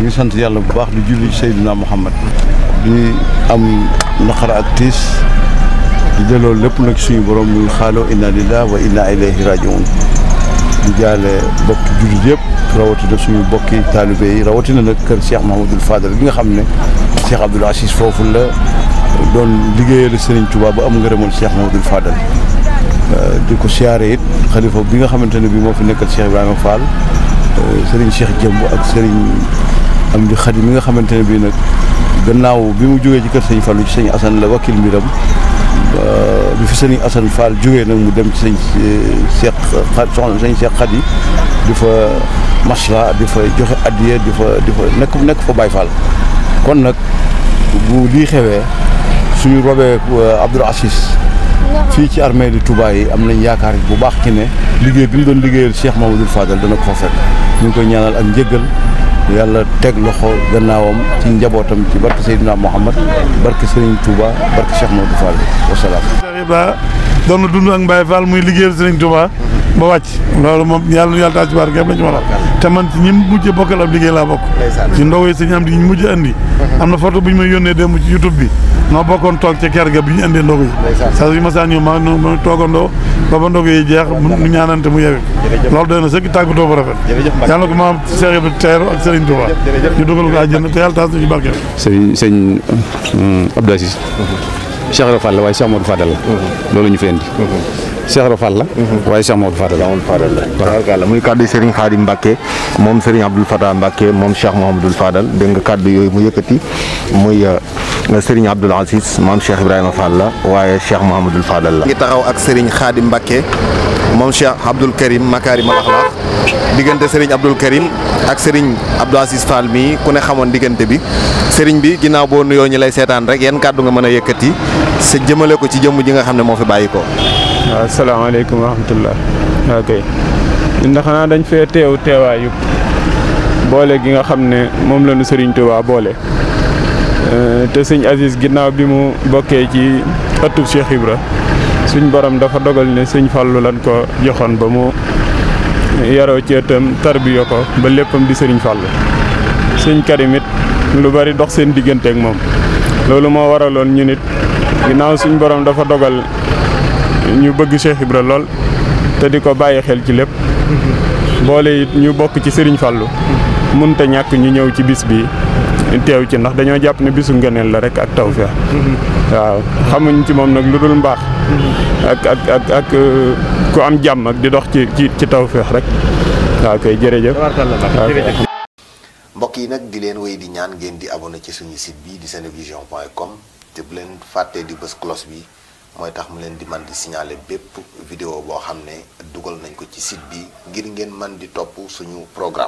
ñu sant yàlla bu baax di julli sayyidina Muhammad di am naqar atis tiis di jëloo lépp nak suñu borom muy xalo inna lillahi wa inna ilayhi rajiun di jale bokk julli yeb rawati de suñu bokki talibey rawati na nak keur Cheikh Mahamadul Fadal bi nga xamne Cheikh Abdoul Aziz fofu la doon liggéeyal Serigne Touba ba am ngeureumul Cheikh Mahamadul Fadal di ko siyaare it khalifa bi nga xamante bi mo fi nekkal Cheikh Ibrahima Fall Serigne Cheikh jembu ak Serigne am di xarit mi nga xamante ne bii nag gannaaw bi mu jógee ci kër sëñ Fallou ci sëñ Assane la wakkil mbiram bi fi sëñ Assane Fall jógee nag mu dem ci sëñ Cheikh soxna sëñ di fa masla di fa joxe addiye di fa di nekk nekk fa Baye Fall kon nag bu lii xewee suñu robee euh, Abdoul Aziz fii ci armée di Touba yi am nañ yaakaar bu baax ki ne liggéey bi mu doon liggéeyal Cheikh Mamadou Fadal dana ko fekk ñu koy ñaanal ak njëggal yàlla teg loxo gannaawam ci njabootam ci barke Seydina Mouhamad barke Serigne Touba barke Cheikh Modou Fall wasalaam. Cheikh Ibrahima doon na dund ak Mbaye Fall muy liggéeyal Serigne Touba. ba wàcc loolu moom yàlla yàlla taal ci barkeem la ci mën a te man ci ñi mujj bokkal ab liggéey laa bokk ci ndogoy sëñ am di ñu mujj andi mhm. am na photo bu ñu may yónnee démb ci YouTube bi noo bokkoon toog ca ker ga bi ñu indee ndogu yi saa yu ma saa ñëw ma ma toogandoo ba ba ndogu yi loolu doy na sëkk tàggatoo bu rafet yàlla ko maam Cheikh Ibra teeru ak Serigne Touba ñu dugal ko àjjana te yàlla taas na ci barkeem sëñ sëñ euh, Abdou Aziz mhm. Cheikh Ibra la waaye Cheikh Amadou Fadal la mhm. loolu ñu fi Cheikh Ibra Fall la waaye Cheikh Mamadou Fadal la muy kàddu Serigne Khadim Mbacke moom Serigne Abdoul Fatah Mbacke moom Cheikh Mouhamadoul faadal dégg nga kàddu yooyu mu yëkkati muy Serigne Abdoul Aziz moom Cheikh Ibrahima la waaye Cheikh Mouhamadoul Fadal la ngi taxaw ak Serigne Khadim Mbacke moom Cheikh Abdoul Karim Makarim al Akhlaq diggante Serigne Abdoul Karim ak Serigne Abdou Aziz Fall mii ku ne xamoon diggante bi Serigne bi ginnaaw boo nuyoo ñu lay seetaan rek yenn kàddu nga mën a yëkkati sa jëmale ko ci jëmm ji nga xam ne moo fi bàyyi ko waaw asalaamaaleykum wa rahmatullah ok ndax xanaa dañ fee teew teewaayu boole gi nga xam ne moom lañu ñu Serigne Touba boole euh, te sëñ Aziz ginnaaw bi mu bokkee ci ëttub Cheikh Ibra suñ borom dafa dogal ne sëñ Fallou lan ko joxoon ba mu yaroo ci ëttam ko ba léppam di sëriñ Fallou sëñ Karim lu bari dox seen diggante ak moom loolu moo waraloon ñu nit ginnaaw suñ borom dafa dogal ñu bëgg Cheikh Ibra lol té diko ko xel ci lépp boole it ñu bok ci Serigne fallu munta ñak ñu ñëw ci bis bi téw ci ndax dañoo japp ne bisu la rek ak tawfiq waaw xamuñ ci mom nak mbax ak ak ak ak uh, ku am jam, ak di dox ci ci tawfiq rek waaw kay jërëjëf mbokk yi nak di leen wéy di ñaan ngeen di abonné ci suñu site bi di senevision.com point te bu leen faté di cloche bi mooy tax mu leen di man di signaler bépp vidéo boo xam ne dugal nañ ko ci site bi ngir ngeen man di topp suñu programme